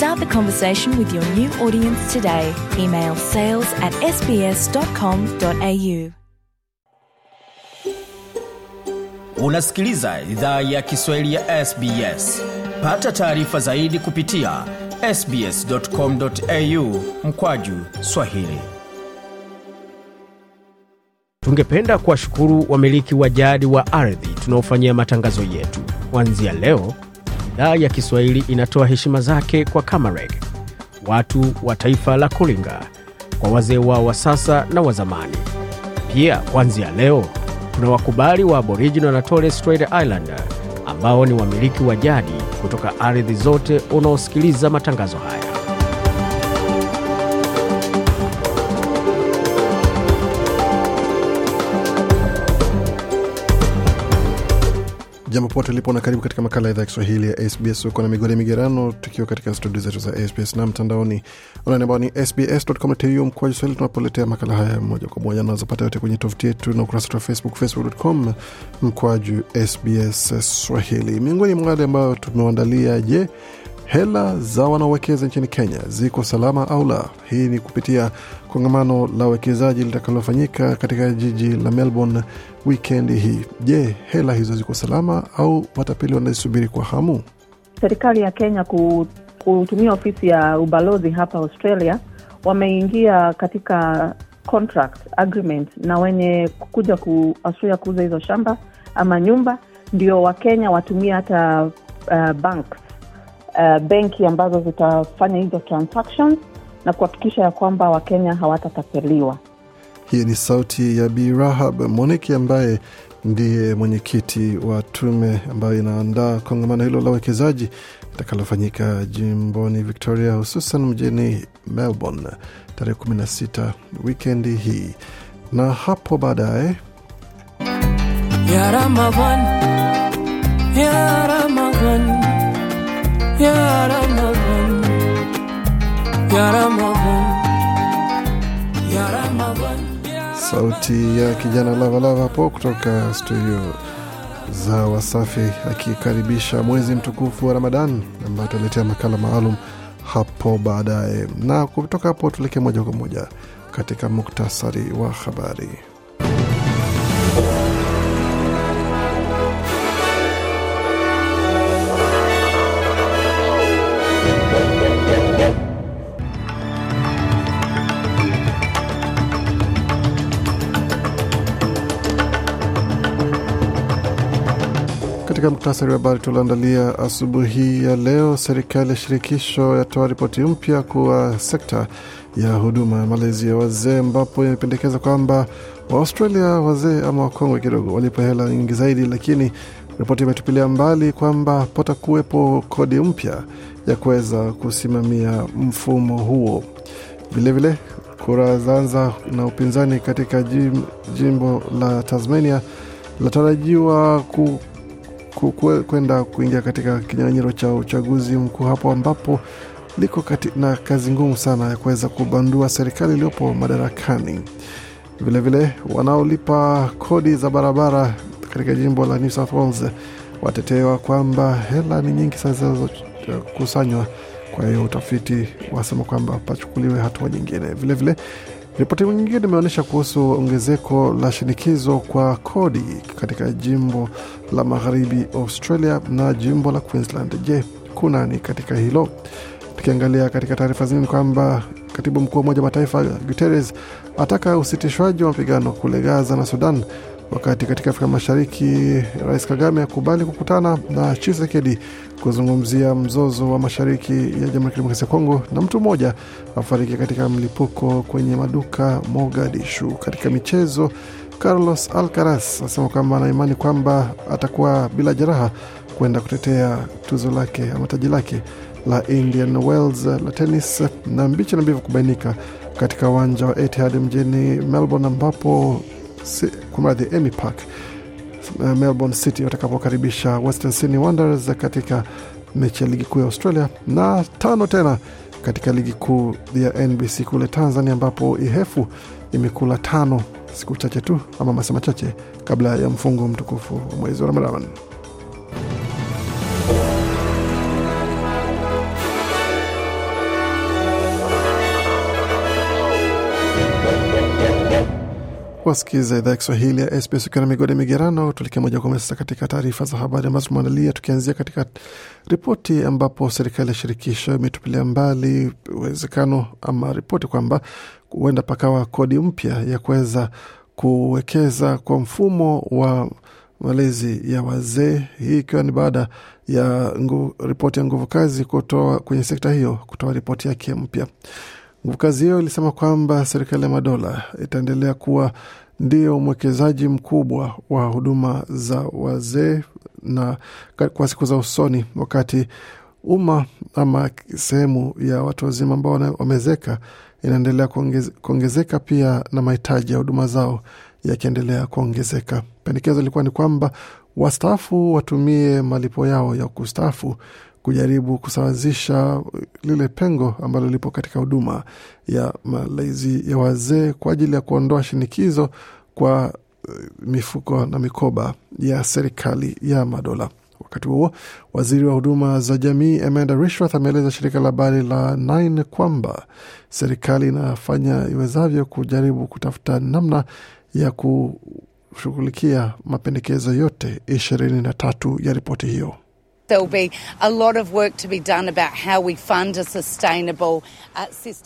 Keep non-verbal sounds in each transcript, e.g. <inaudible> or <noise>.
Start the conversation with your new audience today. Email sales at sbs.com.au. Unasikiliza idhaa ya Kiswahili ya SBS. Pata taarifa zaidi kupitia sbs.com.au mkwaju Swahili. Tungependa kuwashukuru wamiliki wa jadi wa ardhi tunaofanyia matangazo yetu. Kuanzia leo idhaa ya Kiswahili inatoa heshima zake kwa Kamareg, watu wa taifa la Kulinga, kwa wazee wao wa sasa na wa zamani. Pia kuanzia leo kuna wakubali wa Aboriginal na Torres Strait Islander ambao ni wamiliki wa jadi kutoka ardhi zote unaosikiliza matangazo haya. Jambo pote ulipo na karibu katika makala ya idhaa ya Kiswahili ya SBS. Uko na migode migerano, tukiwa katika studio zetu za SBS na mtandaoni online ambao ni sbs.com.au mkoaji swahili, tunapoletea makala haya moja kwa moja. Unawezapata yote kwenye tovuti yetu na ukurasa wa Facebook, facebook.com mkoaju SBS Swahili. Miongoni mwa yale ambayo tumewaandalia, je, hela za wanaowekeza nchini Kenya ziko salama au la? Hii ni kupitia kongamano la uwekezaji litakalofanyika katika jiji la Melbourne wikendi hii. Je, hela hizo ziko salama au watapeli wanazisubiri kwa hamu? Serikali ya Kenya kutumia ofisi ya ubalozi hapa Australia wameingia katika contract agreement na wenye kuja ku Australia kuuza hizo shamba ama nyumba, ndio Wakenya watumie hata uh, banks uh, benki ambazo zitafanya hizo transactions na kuhakikisha ya kwamba Wakenya hawatatapeliwa. Hiyo ni sauti ya Bi Rahab Moniki ambaye ndiye mwenyekiti wa tume ambayo inaandaa kongamano hilo la uwekezaji litakalofanyika jimboni Victoria, hususan mjini Melbourne tarehe 16 wikendi hii, na hapo baadaye ya sauti ya kijana Lavalava hapo kutoka studio za Wasafi akikaribisha mwezi mtukufu wa ramadan ambayo ataletea makala maalum hapo baadaye. Na kutoka hapo tuelekee moja kwa moja katika muktasari wa habari. Katika mktasari wa habari tulioandalia asubuhi ya leo, serikali ya shirikisho yatoa ripoti mpya kuwa sekta ya huduma ya malezi ya wazee, ambapo imependekeza kwamba Waaustralia wazee ama wakongwe kidogo walipo hela nyingi zaidi, lakini ripoti imetupilia mbali kwamba patakuwepo kodi mpya ya kuweza kusimamia mfumo huo. Vilevile kura zaanza na upinzani katika jimbo la Tasmania linatarajiwa ku kwenda kuingia katika kinyang'anyiro cha uchaguzi mkuu hapo ambapo liko kati na kazi ngumu sana ya kuweza kubandua serikali iliyopo madarakani. Vilevile wanaolipa kodi za barabara katika jimbo la New South Wales watetewa kwamba hela ni nyingi sana zinazokusanywa. Kwa hiyo utafiti wasema kwamba pachukuliwe hatua nyingine. Vilevile Ripoti nyingine imeonyesha kuhusu ongezeko la shinikizo kwa kodi katika jimbo la magharibi Australia na jimbo la Queensland. Je, kuna ni katika hilo? Tukiangalia katika taarifa zingine kwamba katibu mkuu wa Umoja Mataifa Guterres ataka usitishwaji wa mapigano kule Gaza na Sudan, wakati katika Afrika Mashariki Rais Kagame akubali kukutana na Chisekedi kuzungumzia mzozo wa mashariki ya Jamhuri ya Kidemokrasia ya Kongo, na mtu mmoja afariki katika mlipuko kwenye maduka Mogadishu. Katika michezo, Carlos Alcaraz asema kwamba anaimani kwamba atakuwa bila jeraha kwenda kutetea tuzo lake ama taji lake la Indian Wells la tenis, na mbichi na mbivu kubainika katika uwanja wa Etihad mjini Melbourne, ambapo kwa Amy Park Uh, Melbourne City watakapokaribisha Western Sydney Wanderers katika mechi ya ligi kuu ya Australia, na tano tena katika ligi kuu ya NBC kule Tanzania, ambapo Ihefu imekula tano siku chache tu ama masaa machache kabla ya mfungo mtukufu wa mwezi wa Ramadhan. kuwasikiza idhaa ya Kiswahili ya SBS ukiwa na migode migerano. tulikia moja kwa moja sasa katika taarifa za habari ambazo tumeandalia, tukianzia katika ripoti ambapo serikali ya shirikisho imetupilia mbali uwezekano ama ripoti kwamba huenda pakawa kodi mpya ya kuweza kuwekeza kwa mfumo wa malezi ya wazee, hii ikiwa ni baada ya ripoti ya nguvu kazi kutoa kwenye sekta hiyo kutoa ripoti yake mpya. Nguvu hiyo ilisema kwamba serikali ya madola itaendelea kuwa ndio mwekezaji mkubwa wa huduma za wazee na kwa siku za usoni, wakati umma ama sehemu ya watu wazima ambao wamezeka inaendelea kuongezeka, pia na mahitaji ya huduma zao yakiendelea kuongezeka. Pendekezo ilikuwa ni kwamba wastaafu watumie malipo yao ya kustaafu kujaribu kusawazisha lile pengo ambalo lipo katika huduma ya malezi ya wazee kwa ajili ya kuondoa shinikizo kwa eh, mifuko na mikoba ya serikali ya madola. Wakati huo waziri wa huduma za jamii Amanda Rishworth ameeleza shirika la habari la Nine kwamba serikali inafanya iwezavyo kujaribu kutafuta namna ya kushughulikia mapendekezo yote ishirini na tatu ya ripoti hiyo. Uh,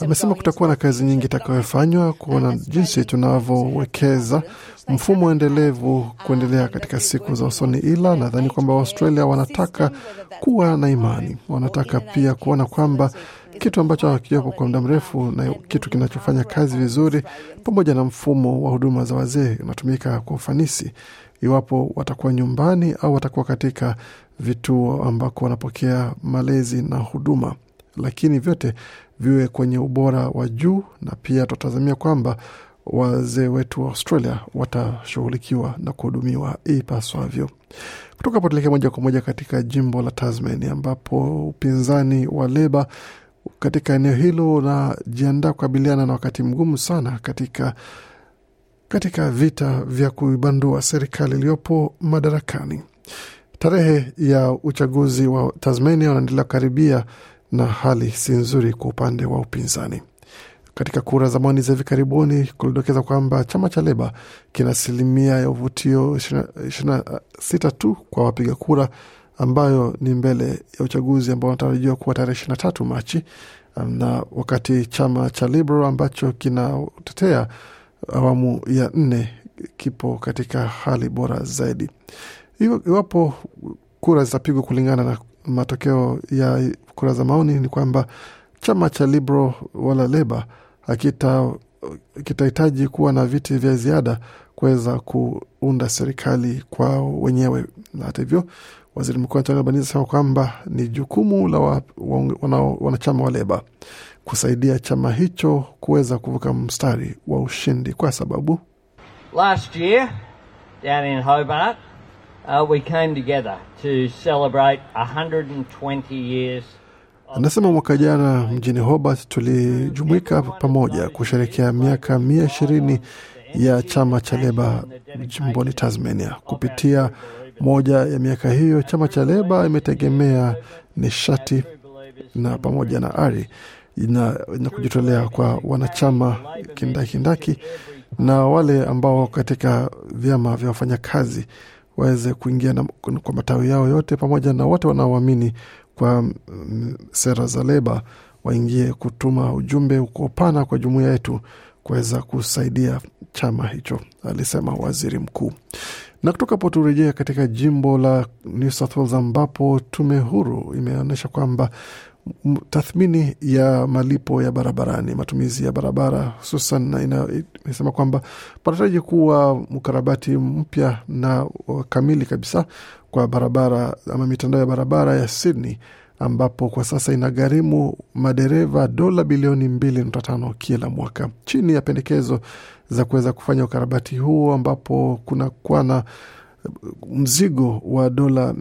Amesema kutakuwa na kazi nyingi itakayofanywa kuona jinsi tunavyowekeza mfumo endelevu kuendelea katika siku za usoni, ila nadhani kwamba Waustralia wanataka kuwa na imani, wanataka pia kuona kwamba kitu ambacho hakijapo kwa muda mrefu na kitu kinachofanya kazi vizuri, pamoja na mfumo wa huduma za wazee unatumika kwa ufanisi iwapo watakuwa nyumbani au watakuwa katika vituo ambako wanapokea malezi na huduma, lakini vyote viwe kwenye ubora wa juu, na pia tutatazamia kwamba wazee wetu wa Australia watashughulikiwa na kuhudumiwa ipaswavyo. Kutoka hapo tuelekea moja kwa moja katika jimbo la Tasmania ambapo upinzani wa Leba katika eneo hilo unajiandaa kukabiliana na wakati mgumu sana katika katika vita vya kuibandua serikali iliyopo madarakani. Tarehe ya uchaguzi wa Tasmania unaendelea kukaribia na hali si nzuri kwa upande wa upinzani. Katika kura za maoni za hivi karibuni kulidokeza kwamba chama cha Leba kina asilimia ya uvutio 26 uh, tu kwa wapiga kura, ambayo ni mbele ya uchaguzi ambao wanatarajiwa kuwa tarehe 23 Machi, um, na wakati chama cha Liberal ambacho kinatetea awamu ya nne kipo katika hali bora zaidi. Iwapo kura zitapigwa kulingana na matokeo ya kura za maoni, ni kwamba chama cha Liberal wala Leba kitahitaji kuwa na viti vya ziada kuweza kuunda serikali kwao wenyewe. Hata hivyo Waziri Mkuu antoni Albanese asema kwamba ni jukumu la wa, wa, wana, wanachama wa Leba kusaidia chama hicho kuweza kuvuka mstari wa ushindi kwa sababu Last year, down in Hobart, uh, we came together to celebrate 120 years Anasema mwaka jana mjini Hobart tulijumuika pamoja kusherekea miaka mia ishirini ya chama cha Leba jimboni Tasmania kupitia moja ya miaka hiyo chama cha Leba imetegemea nishati na pamoja na ari na, na kujitolea kwa wanachama kindaki kindaki na wale ambao katika vyama vya wafanyakazi waweze kuingia na, kwa matawi yao yote pamoja na wote wanaoamini kwa mm, sera za leba waingie kutuma ujumbe uko pana kwa jumuiya yetu kuweza kusaidia chama hicho, alisema waziri mkuu. Na kutoka turejea katika jimbo la New South Wales ambapo tume huru imeonyesha kwamba tathmini ya malipo ya barabarani, matumizi ya barabara hususan, imesema kwamba panataraji kuwa mkarabati mpya na kamili kabisa kwa barabara ama mitandao ya barabara ya Sydney ambapo kwa sasa inagharimu madereva dola bilioni 2.5 kila mwaka chini ya pendekezo za kuweza kufanya ukarabati huo ambapo kunakuwa na uh, mzigo wa dola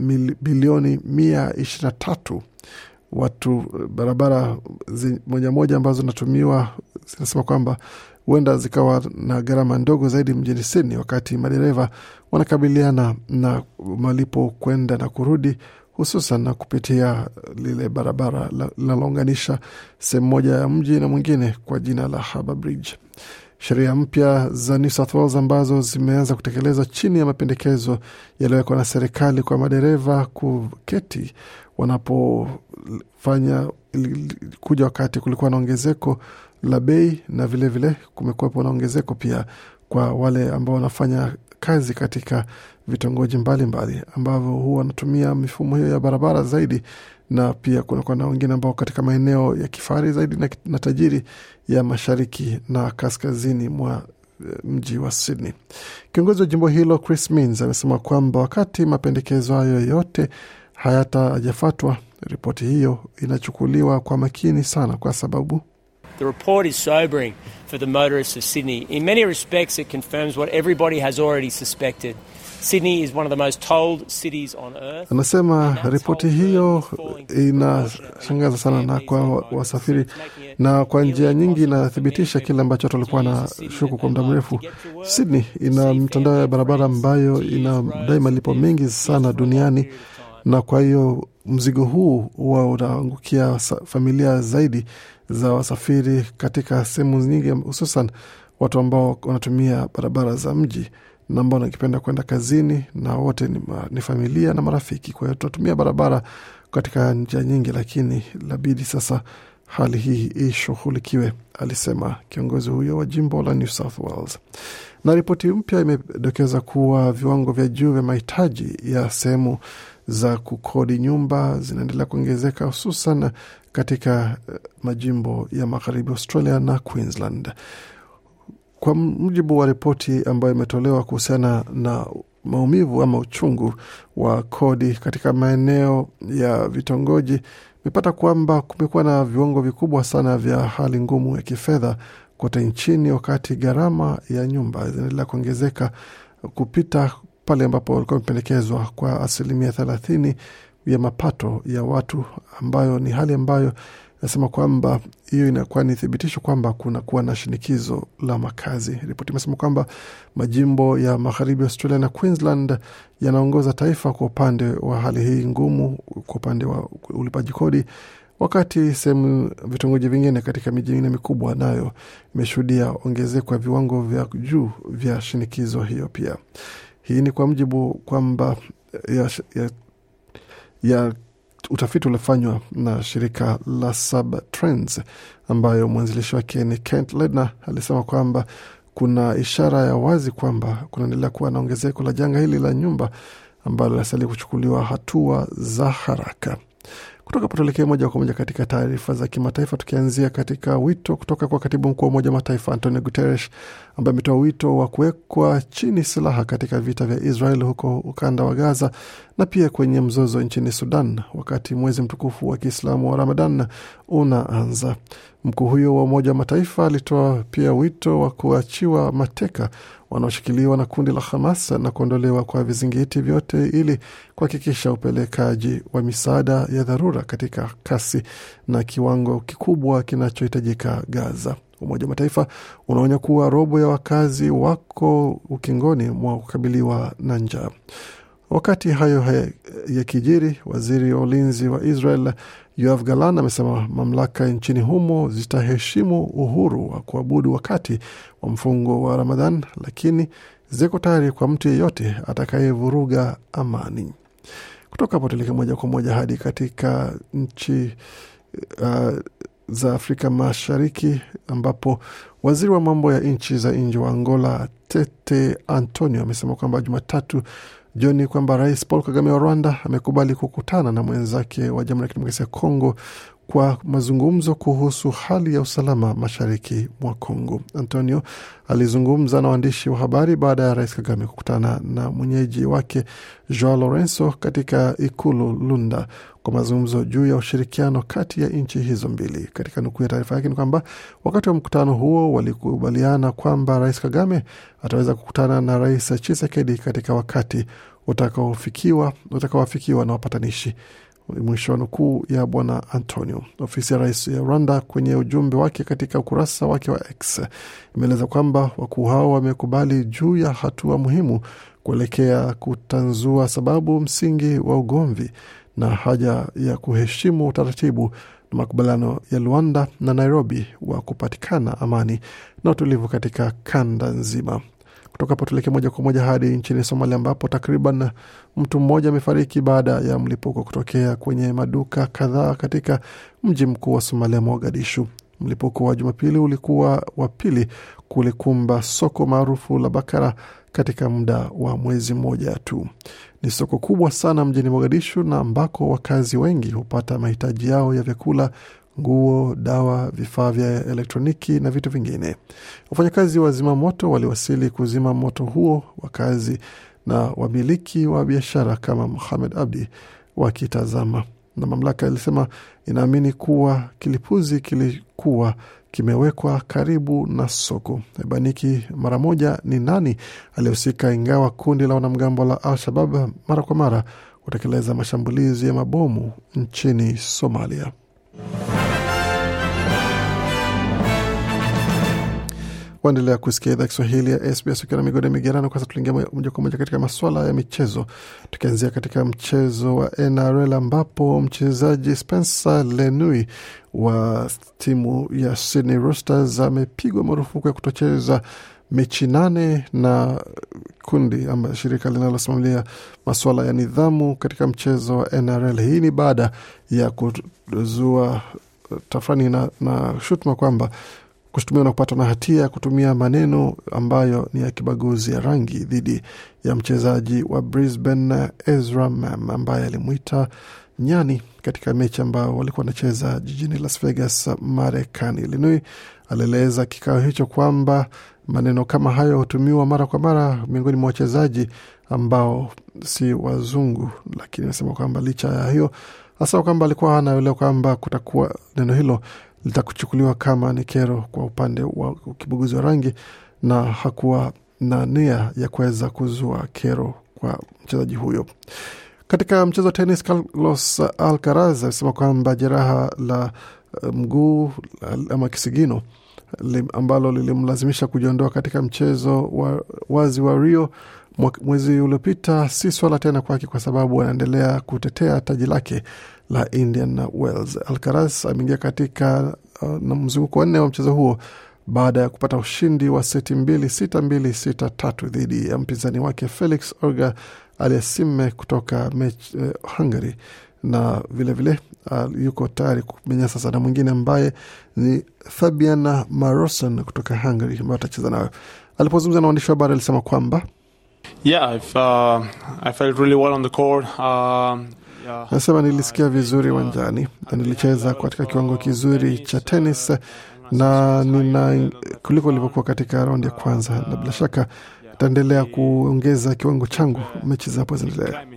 bilioni mia ishirini na tatu watu uh, barabara moja moja ambazo zinatumiwa zinasema kwamba huenda zikawa na gharama ndogo zaidi mjini Sydney, wakati madereva wanakabiliana na malipo kwenda na kurudi, hususan na kupitia uh, lile barabara linalounganisha sehemu moja ya mji na mwingine kwa jina la Harbour Bridge sheria mpya za New South Wales ambazo zimeanza kutekelezwa chini ya mapendekezo yaliyowekwa na serikali kwa madereva kuketi wanapofanya kuja wakati kulikuwa na ongezeko la bei na vilevile kumekuwepo na ongezeko pia kwa wale ambao wanafanya kazi katika vitongoji mbalimbali ambavyo huwa wanatumia mifumo hiyo ya barabara zaidi, na pia kunakuwa na wengine ambao katika maeneo ya kifahari zaidi na, na tajiri ya mashariki na kaskazini mwa eh, mji wa Sydney. Kiongozi wa jimbo hilo Chris Minns amesema kwamba wakati mapendekezo hayo yote ajafatwa ripoti hiyo inachukuliwa kwa makini sana, kwa sababu The report is sobering for the motorists of Sydney. In many respects, it confirms what everybody has already suspected. Sydney is one of the most told cities on earth. Anasema ripoti hiyo inashangaza sana na kwa wasafiri na kwa njia nyingi inathibitisha kile ambacho tulikuwa na shuku kwa muda mrefu. Sydney ina mtandao ya barabara ambayo inadai malipo mengi sana duniani, na kwa hiyo mzigo huu huwa unaangukia familia zaidi za wasafiri katika sehemu nyingi, hususan watu ambao wanatumia barabara za mji na ambao wanakipenda kwenda kazini na wote ni, ma, ni familia na marafiki. Kwa hiyo tunatumia barabara katika njia nyingi, lakini labidi sasa hali hii ishughulikiwe, alisema kiongozi huyo wa jimbo la New South Wales. Na ripoti mpya imedokeza kuwa viwango vya juu vya mahitaji ya sehemu za kukodi nyumba zinaendelea kuongezeka hususan katika eh, majimbo ya magharibi Australia na Queensland. Kwa mujibu wa ripoti ambayo imetolewa kuhusiana na maumivu ama uchungu wa kodi katika maeneo ya vitongoji, imepata kwamba kumekuwa na viwango vikubwa sana vya hali ngumu ya kifedha kote nchini, wakati gharama ya nyumba zinaendelea kuongezeka kupita pale ambapo walikuwa wamependekezwa kwa asilimia thelathini ya mapato ya watu, ambayo ni hali ambayo inasema kwamba hiyo inakuwa ni thibitisho kwamba kunakuwa na shinikizo la makazi. Ripoti imesema kwamba majimbo ya magharibi Australia na Queensland yanaongoza taifa kwa upande wa hali hii ngumu kwa upande wa ulipaji kodi, wakati sehemu vitongoji vingine katika miji mingine mikubwa nayo imeshuhudia ongezeko ya viwango vya juu vya shinikizo hiyo pia. Hii ni kwa mjibu kwamba ya, ya, ya utafiti uliofanywa na shirika la SubTrends ambayo mwanzilishi wake ni Kent Ledner alisema kwamba kuna ishara ya wazi kwamba kunaendelea kuwa na ongezeko la janga hili la nyumba ambalo linastahili kuchukuliwa hatua za haraka. Kutoka hapo tuelekee moja kwa moja katika taarifa za kimataifa, tukianzia katika wito kutoka kwa katibu mkuu wa Umoja wa Mataifa Antonio Guterres ambaye ametoa wito wa kuwekwa chini silaha katika vita vya Israel huko ukanda wa Gaza na pia kwenye mzozo nchini Sudan, wakati mwezi mtukufu wa Kiislamu wa Ramadan unaanza. Mkuu huyo wa Umoja wa Mataifa alitoa pia wito wa kuachiwa mateka wanaoshikiliwa na kundi la Hamas na kuondolewa kwa vizingiti vyote ili kuhakikisha upelekaji wa misaada ya dharura katika kasi na kiwango kikubwa kinachohitajika Gaza. Umoja wa Mataifa unaonya kuwa robo ya wakazi wako ukingoni mwa kukabiliwa na njaa. Wakati hayo yakijiri, waziri wa ulinzi wa Israel Yoav Galan amesema mamlaka nchini humo zitaheshimu uhuru wa kuabudu wakati wa mfungo wa Ramadhan, lakini ziko tayari kwa mtu yeyote atakayevuruga amani. Kutoka hapo tuelekea moja kwa moja hadi katika nchi uh, za Afrika Mashariki ambapo waziri wa mambo ya nchi za nje wa Angola Tete Antonio amesema kwamba Jumatatu jioni kwamba Rais Paul Kagame wa Rwanda amekubali kukutana na mwenzake wa Jamhuri ya Kidemokrasia ya Kongo kwa mazungumzo kuhusu hali ya usalama mashariki mwa Kongo. Antonio alizungumza na waandishi wa habari baada ya Rais Kagame kukutana na mwenyeji wake Joao Lorenzo katika ikulu Lunda kwa mazungumzo juu ya ushirikiano kati ya nchi hizo mbili. Katika nukuu ya taarifa yake ni kwamba wakati wa mkutano huo walikubaliana kwamba Rais Kagame ataweza kukutana na Rais Chisekedi katika wakati utakaofikiwa utakaoafikiwa na wapatanishi. Mwisho wa nukuu ya bwana Antonio. Ofisi ya rais ya Rwanda kwenye ujumbe wake katika ukurasa wake wa X imeeleza kwamba wakuu hao wamekubali juu ya hatua muhimu kuelekea kutanzua sababu msingi wa ugomvi na haja ya kuheshimu utaratibu na makubaliano ya Luanda na Nairobi wa kupatikana amani na utulivu katika kanda nzima. Kutoka hapo tuelekee moja kwa moja hadi nchini Somalia, ambapo takriban mtu mmoja amefariki baada ya mlipuko kutokea kwenye maduka kadhaa katika mji mkuu wa Somalia, Mogadishu. Mlipuko wa Jumapili ulikuwa wa pili kulikumba soko maarufu la Bakara katika muda wa mwezi mmoja tu. Ni soko kubwa sana mjini Mogadishu na ambako wakazi wengi hupata mahitaji yao ya vyakula nguo, dawa, vifaa vya elektroniki na vitu vingine. Wafanyakazi wa zima moto waliwasili kuzima moto huo, wakazi na wamiliki wa biashara kama Muhamed Abdi wakitazama, na mamlaka ilisema inaamini kuwa kilipuzi kilikuwa kimewekwa karibu na soko. Haibainiki mara moja ni nani aliyehusika, ingawa kundi la wanamgambo la Al-Shabab mara kwa mara hutekeleza mashambulizi ya mabomu nchini Somalia. Waendelea kusikia idhaa Kiswahili ya SBS ukiwa na migode migerano. Kwanza tuliingia moja kwa moja katika maswala ya michezo, tukianzia katika mchezo wa NRL ambapo mchezaji Spencer Lenui wa timu ya Sydney Roosters amepigwa marufuku ya kutocheza mechi nane na kundi ama shirika linalosimamilia masuala ya nidhamu katika mchezo wa NRL. Hii ni baada ya kuzua tafrani na, na shutuma kwamba kushutumiwa na kupatwa na hatia ya kutumia maneno ambayo ni ya kibaguzi ya rangi dhidi ya mchezaji wa Brisbane Ezra Mam ambaye alimwita nyani katika mechi ambao walikuwa wanacheza jijini Las Vegas, Marekani. Linui alieleza kikao hicho kwamba maneno kama hayo hutumiwa mara kwa mara miongoni mwa wachezaji ambao si wazungu, lakini anasema kwamba licha ya hiyo hasa kwamba alikuwa anaelewa kwamba kutakuwa neno hilo litakuchukuliwa kama ni kero kwa upande wa ukibaguzi wa rangi, na hakuwa na nia ya kuweza kuzua kero kwa mchezaji huyo. Katika mchezo wa tenis, Carlos Alcaraz alisema kwamba jeraha la eh, mguu ama kisigino ambalo lilimlazimisha kujiondoa katika mchezo wa wazi wa Rio mwezi uliopita si swala tena kwake, kwa sababu anaendelea kutetea taji lake la Indian Wells. Alcaraz ameingia katika uh, na mzunguko wa nne wa mchezo huo baada ya kupata ushindi wa seti mbili sita mbili sita tatu dhidi ya mpinzani wake Felix Orga aliyesime kutoka mech, uh, Hungary na vilevile vile, uh, yuko tayari kumenya sasa na mwingine ambaye ni Fabian Marosan kutoka Hungary ambayo atacheza nayo. Alipozungumza na waandishi wa habari alisema kwamba Yeah, I've, uh, I felt really well on the court. Uh, Anasema nilisikia uh, vizuri uwanjani na nilicheza katika kiwango kizuri cha tenis na nina kuliko ilivyokuwa katika raundi ya kwanza, uh, na bila shaka taendelea kuongeza kiwango changu <laughs> mechi zinapoendelea.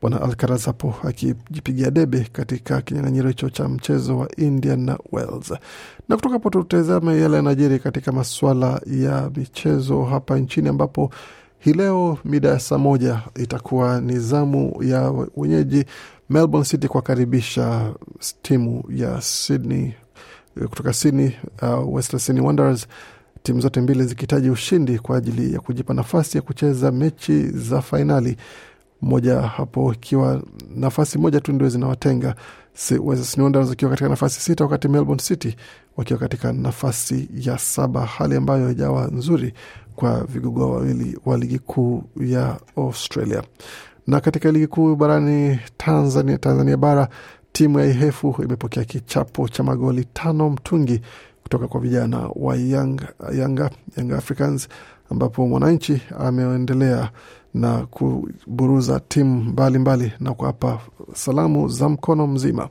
Bwana Alcaraz hapo akijipigia debe katika kinyang'anyiro hicho cha mchezo wa India na Wales. Na kutoka hapo tutazame yale yanajiri katika masuala ya michezo hapa nchini ambapo hii leo mida ya saa moja itakuwa ni zamu ya wenyeji Melbourne City kuwakaribisha timu ya Sydney kutoka Sydney, uh, Western Sydney Wanderers, timu zote mbili zikihitaji ushindi kwa ajili ya kujipa nafasi ya kucheza mechi za fainali, moja hapo ikiwa nafasi moja tu ndio zinawatenga West wakiwa katika nafasi sita, wakati Melbourne City wakiwa katika nafasi ya saba, hali ambayo haijawa nzuri kwa vigogo wawili wa ligi kuu ya Australia. Na katika ligi kuu barani Tanzania, Tanzania bara timu ya Ihefu imepokea kichapo cha magoli tano mtungi kutoka kwa vijana wa Yanga, Yanga, Africans ambapo mwananchi ameendelea na kuburuza timu mbalimbali mbali na kuapa salamu za mkono mzima.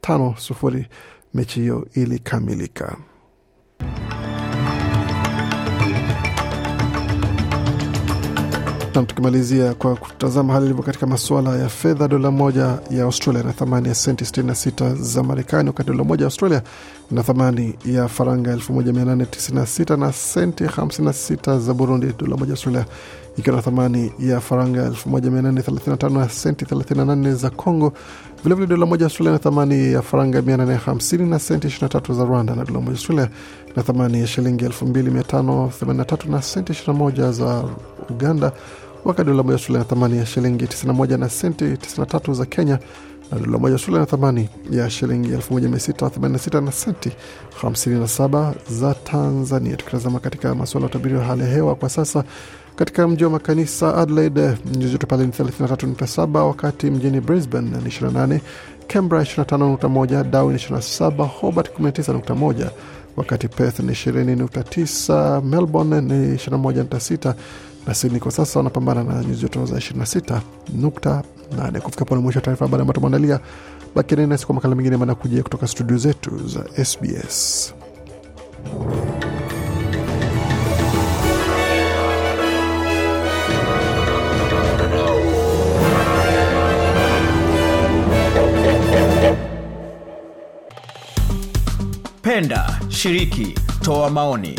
Tano sufuri mechi hiyo ilikamilika. Nam, tukimalizia kwa kutazama hali ilivyo katika masuala ya fedha, dola moja ya Australia na thamani ya senti 66 za Marekani, wakati dola moja ya Australia na thamani ya faranga 1896 na senti 56 za Burundi. Dola moja ya Australia ikiwa na thamani ya faranga 1835 na senti 38 za Congo. Vilevile dola moja Australia na thamani ya faranga 450 na senti 23 za Rwanda, na dola moja Australia na thamani ya shilingi 2583 na senti 21 za Uganda, wakati dola moja shule na thamani ya shilingi 91 na senti 93 za Kenya na dola moja shule na thamani ya shilingi 1686 na senti 57 za Tanzania. Tukitazama katika masuala ya utabiri wa hali ya hewa kwa sasa katika mji wa makanisa Adelaide nyuzi joto pale ni 33.7, wakati mjini Brisbane ni 28, Canberra 25.1, Darwin 27, Hobart 19.1, wakati Perth ni 20.9, Melbourne ni 21.6 Basili kwa sasa wanapambana na nyuzi joto za 26 nukta 8. Kufika pone mwisho wa taarifa habari ambayo tumeandalia, bakieni nasi kwa makala mengine manakujia kutoka studio zetu za SBS. Penda, shiriki, toa maoni